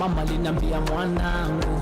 mama linambia mwanangu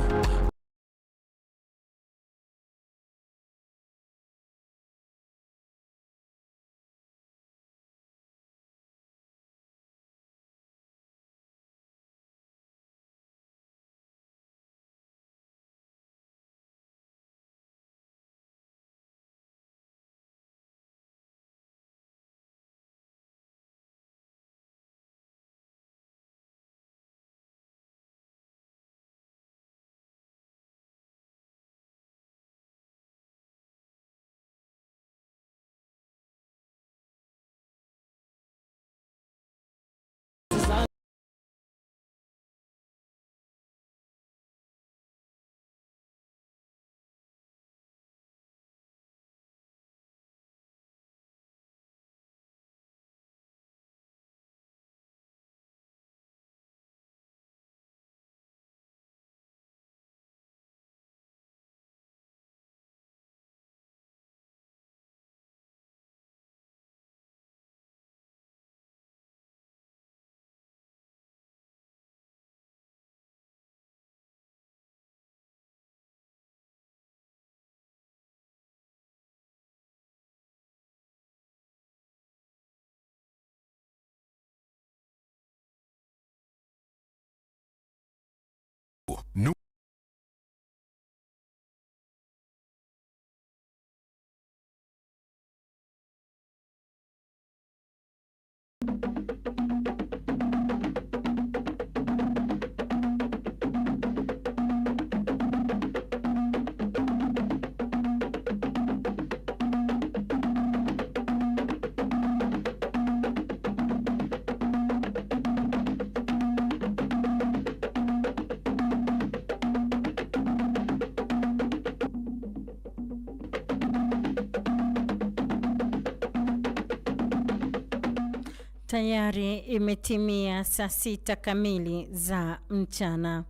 Tayari imetimia saa sita kamili za mchana.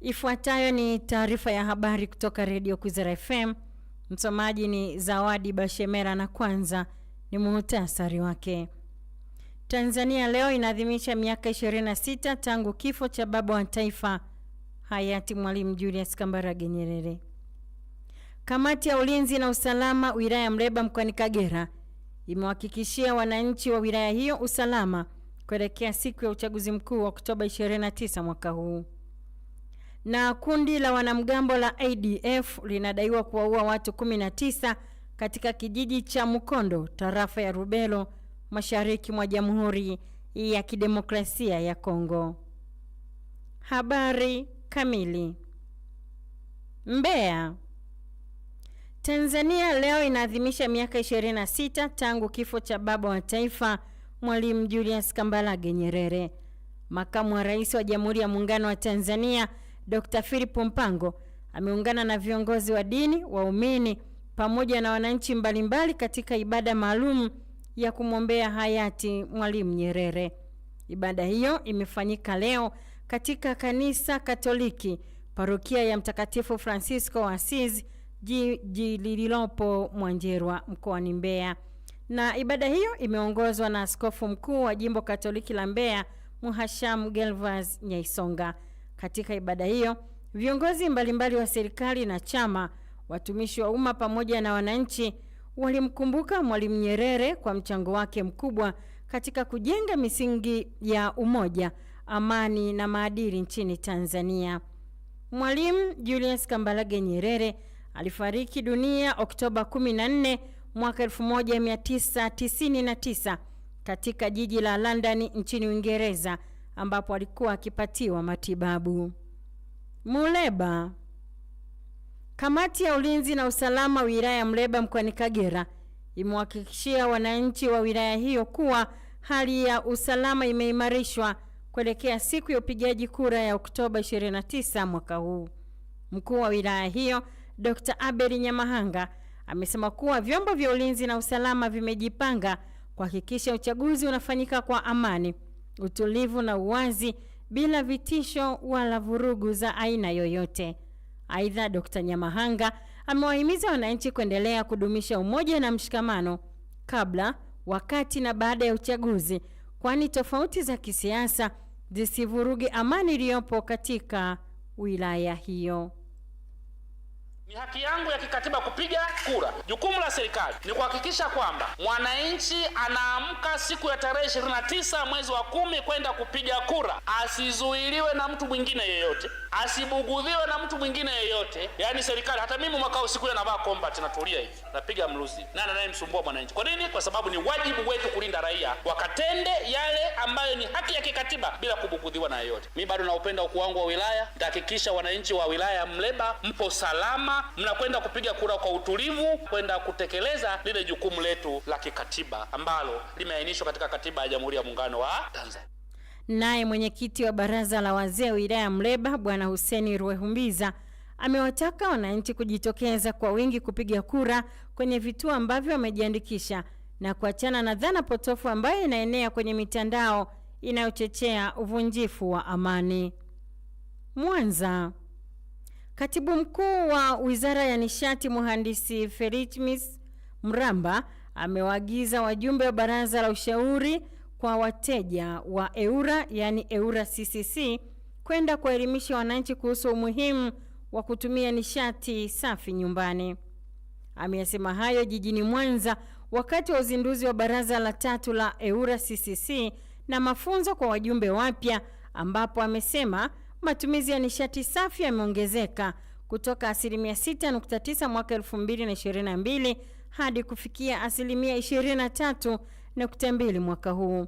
Ifuatayo ni taarifa ya habari kutoka Redio Kwizera FM. Msomaji ni Zawadi Bashemera na kwanza ni muhutasari wake. Tanzania leo inaadhimisha miaka 26 tangu kifo cha baba wa taifa hayati Mwalimu Julius Kambarage Nyerere. Kamati ya ulinzi na usalama wilaya Mreba mkoani Kagera imewahakikishia wananchi wa wilaya hiyo usalama kuelekea siku ya uchaguzi mkuu wa Oktoba 29 mwaka huu. Na kundi la wanamgambo la ADF linadaiwa kuwaua watu 19 katika kijiji cha Mukondo, tarafa ya Rubelo, mashariki mwa Jamhuri ya Kidemokrasia ya Kongo. Habari kamili. Mbeya Tanzania leo inaadhimisha miaka 26 tangu kifo cha baba wa taifa Mwalimu Julius Kambarage Nyerere. Makamu wa Rais wa Jamhuri ya Muungano wa Tanzania Dr. Philip Mpango ameungana na viongozi wa dini, waumini pamoja na wananchi mbalimbali katika ibada maalum ya kumwombea hayati Mwalimu Nyerere. Ibada hiyo imefanyika leo katika kanisa Katoliki, parokia ya Mtakatifu Francisco wa Assisi lililopo Mwanjerwa mkoani Mbeya. Na ibada hiyo imeongozwa na askofu mkuu wa jimbo Katoliki la Mbeya Muhasham Gelvas Nyaisonga. Katika ibada hiyo viongozi mbalimbali mbali wa serikali na chama, watumishi wa umma pamoja na wananchi walimkumbuka Mwalimu Nyerere kwa mchango wake mkubwa katika kujenga misingi ya umoja, amani na maadili nchini Tanzania. Mwalimu Julius Kambarage Nyerere alifariki dunia Oktoba 14 mwaka 1999 katika jiji la London nchini Uingereza ambapo alikuwa akipatiwa matibabu. Muleba. Kamati ya ulinzi na usalama wilaya ya Muleba mkoani Kagera imewahakikishia wananchi wa wilaya hiyo kuwa hali ya usalama imeimarishwa kuelekea siku ya upigaji kura ya Oktoba 29 mwaka huu. Mkuu wa wilaya hiyo Dr. Abel Nyamahanga amesema kuwa vyombo vya ulinzi na usalama vimejipanga kuhakikisha uchaguzi unafanyika kwa amani, utulivu na uwazi bila vitisho wala vurugu za aina yoyote. Aidha, Dr. Nyamahanga amewahimiza wananchi kuendelea kudumisha umoja na mshikamano kabla, wakati na baada ya uchaguzi, kwani tofauti za kisiasa zisivurugi amani iliyopo katika wilaya hiyo. Ni haki yangu ya kikatiba kupiga kura. Jukumu la serikali ni kuhakikisha kwamba mwananchi anaamka siku ya tarehe 29 mwezi wa kumi kwenda kupiga kura, asizuiliwe na mtu mwingine yeyote asibugudhiwe na mtu mwingine yeyote, yaani serikali. Hata mimi mwaka huu sikuja navaa combat, natulia hivi, napiga mluzi, nani anayemsumbua mwananchi? Kwa nini? Kwa sababu ni wajibu wetu kulinda raia, wakatende yale ambayo ni haki ya kikatiba bila kubugudhiwa na yeyote. Mimi bado naupenda ukuu wangu wa wilaya, nitahakikisha wananchi wa wilaya ya Mleba mpo salama, mnakwenda kupiga kura kwa utulivu, kwenda kutekeleza lile jukumu letu la kikatiba ambalo limeainishwa katika katiba ya Jamhuri ya Muungano wa Tanzania. Naye mwenyekiti wa baraza la wazee wilaya ya Mleba Bwana Huseni ruehumbiza amewataka wananchi kujitokeza kwa wingi kupiga kura kwenye vituo ambavyo wamejiandikisha na kuachana na dhana potofu ambayo inaenea kwenye mitandao inayochochea uvunjifu wa amani. Mwanza, katibu mkuu wa wizara ya nishati Mhandisi Felicitas Mramba amewaagiza wajumbe wa baraza la ushauri kwa wateja wa EWURA yani EWURA CCC kwenda kuwaelimisha wananchi kuhusu umuhimu wa kutumia nishati safi nyumbani. Ameyasema hayo jijini Mwanza wakati wa uzinduzi wa baraza la tatu la EWURA CCC na mafunzo kwa wajumbe wapya, ambapo amesema matumizi ya nishati safi yameongezeka kutoka asilimia 6.9 mwaka 2022 hadi kufikia asilimia 23 nukta mbili mwaka huu.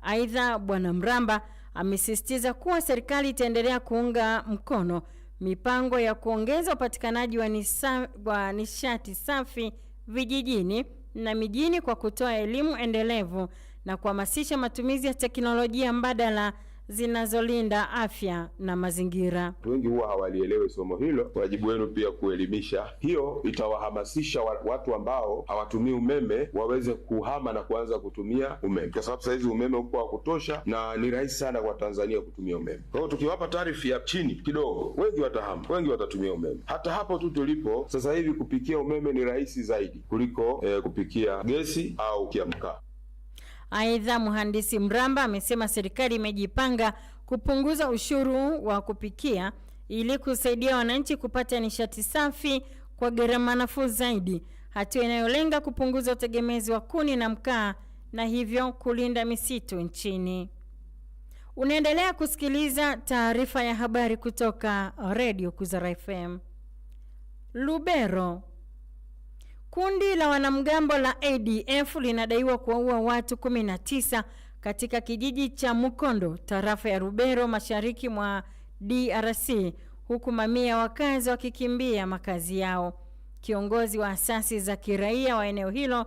Aidha, Bwana Mramba amesisitiza kuwa serikali itaendelea kuunga mkono mipango ya kuongeza upatikanaji wa, nisa, wa nishati safi vijijini na mijini kwa kutoa elimu endelevu na kuhamasisha matumizi ya teknolojia mbadala zinazolinda afya na mazingira. wengi huwa hawalielewi somo hilo, wajibu wenu pia kuelimisha. Hiyo itawahamasisha watu ambao hawatumii umeme waweze kuhama na kuanza kutumia umeme, kwa sababu sahizi umeme uko wa kutosha na ni rahisi sana kwa Tanzania kutumia umeme. Kwa hiyo tukiwapa taarifa ya chini kidogo, wengi watahama, wengi watatumia umeme. Hata hapo tu tulipo sasa hivi, kupikia umeme ni rahisi zaidi kuliko eh, kupikia gesi au kia mkaa. Aidha, mhandisi Mramba amesema serikali imejipanga kupunguza ushuru wa kupikia ili kusaidia wananchi kupata nishati safi kwa gharama nafuu zaidi, hatua inayolenga kupunguza utegemezi wa kuni na mkaa na hivyo kulinda misitu nchini. Unaendelea kusikiliza taarifa ya habari kutoka Redio Kwizera FM Lubero. Kundi la wanamgambo la ADF linadaiwa kuwaua watu 19 katika kijiji cha Mukondo, tarafa ya Rubero, mashariki mwa DRC, huku mamia wakazi wakikimbia makazi yao. Kiongozi wa asasi za kiraia wa eneo hilo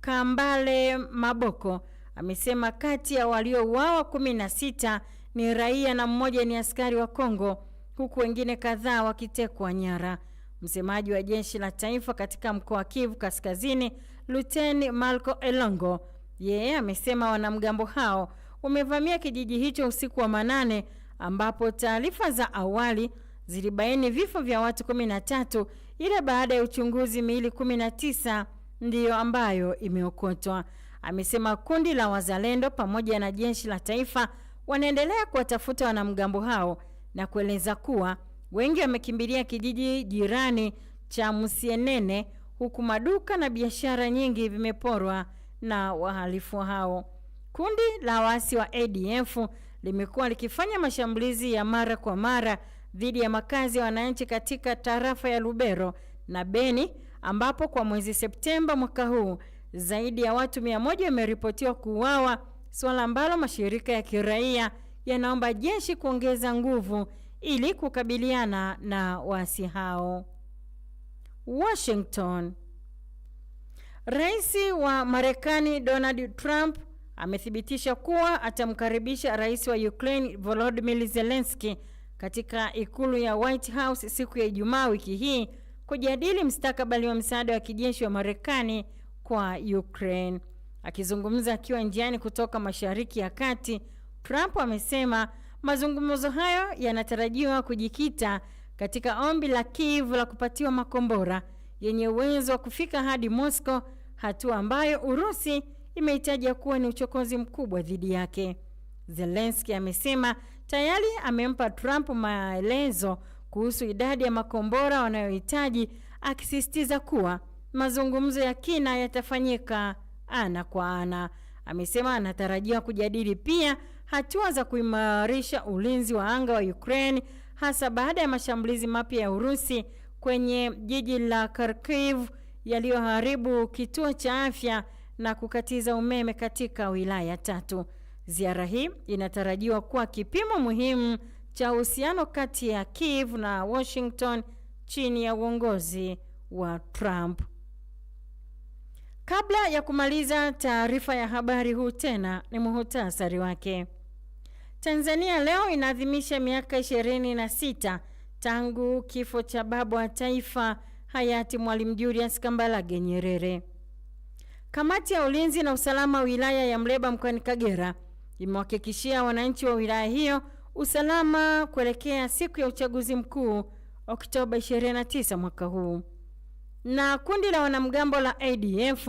Kambale Maboko amesema kati ya waliouawa 16 ni raia na mmoja ni askari wa Kongo, huku wengine kadhaa wakitekwa nyara. Msemaji wa jeshi la taifa katika mkoa wa Kivu Kaskazini, Luteni Marco Elongo, yeye amesema wanamgambo hao wamevamia kijiji hicho usiku wa manane, ambapo taarifa za awali zilibaini vifo vya watu 13 ila baada ya uchunguzi miili 19 ndiyo ambayo imeokotwa. Amesema kundi la wazalendo pamoja na jeshi la taifa wanaendelea kuwatafuta wanamgambo hao na kueleza kuwa Wengi wamekimbilia kijiji jirani cha Musienene huku maduka na biashara nyingi vimeporwa na wahalifu hao. Kundi la waasi wa ADF limekuwa likifanya mashambulizi ya mara kwa mara dhidi ya makazi ya wananchi katika tarafa ya Lubero na Beni ambapo kwa mwezi Septemba mwaka huu zaidi ya watu mia moja wameripotiwa kuuawa, suala ambalo mashirika ya kiraia yanaomba jeshi kuongeza nguvu ili kukabiliana na waasi hao. Washington. Rais wa Marekani Donald Trump amethibitisha kuwa atamkaribisha Rais wa Ukraine Volodymyr Zelensky katika ikulu ya White House siku ya Ijumaa wiki hii kujadili mstakabali wa msaada wa kijeshi wa Marekani kwa Ukraine. Akizungumza akiwa njiani kutoka Mashariki ya Kati, Trump amesema Mazungumzo hayo yanatarajiwa kujikita katika ombi la Kiev la kupatiwa makombora yenye uwezo wa kufika hadi Moscow, hatua ambayo Urusi imeitaja kuwa ni uchokozi mkubwa dhidi yake. Zelensky amesema tayari amempa Trump maelezo kuhusu idadi ya makombora wanayohitaji, akisisitiza kuwa mazungumzo ya kina yatafanyika ana kwa ana amesema anatarajia kujadili pia hatua za kuimarisha ulinzi wa anga wa Ukraine hasa baada ya mashambulizi mapya ya Urusi kwenye jiji la Kharkiv yaliyoharibu kituo cha afya na kukatiza umeme katika wilaya tatu. Ziara hii inatarajiwa kuwa kipimo muhimu cha uhusiano kati ya Kiev na Washington chini ya uongozi wa Trump. Kabla ya kumaliza taarifa ya habari, huu tena ni muhutasari wake. Tanzania leo inaadhimisha miaka 26 tangu kifo cha baba wa taifa hayati Mwalimu Julius Kambarage Nyerere. Kamati ya ulinzi na usalama wilaya ya Mleba mkoani Kagera imewahakikishia wananchi wa wilaya hiyo usalama kuelekea siku ya uchaguzi mkuu Oktoba 29 mwaka huu na kundi la wanamgambo la ADF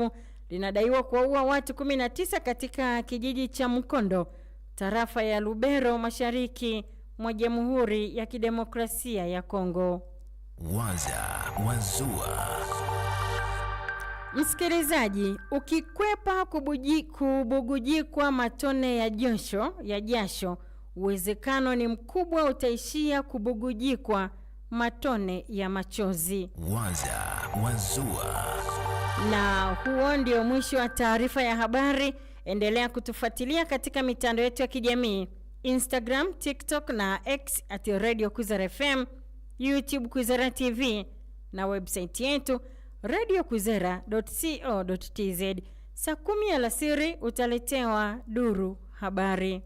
linadaiwa kuwaua watu 19 katika kijiji cha Mkondo, tarafa ya Lubero, mashariki mwa Jamhuri ya Kidemokrasia ya Kongo. Waza Wazua. Msikilizaji, ukikwepa kubuji, kubugujikwa matone ya josho ya jasho, uwezekano ni mkubwa utaishia kubugujikwa matone ya machozi. Waza Wazua. Na huo ndio mwisho wa taarifa ya habari. Endelea kutufuatilia katika mitandao yetu ya kijamii Instagram, TikTok na X at Radio Kwizera FM, YouTube Kwizera TV na website yetu radiokwizera.co.tz. Saa kumi alasiri utaletewa duru habari.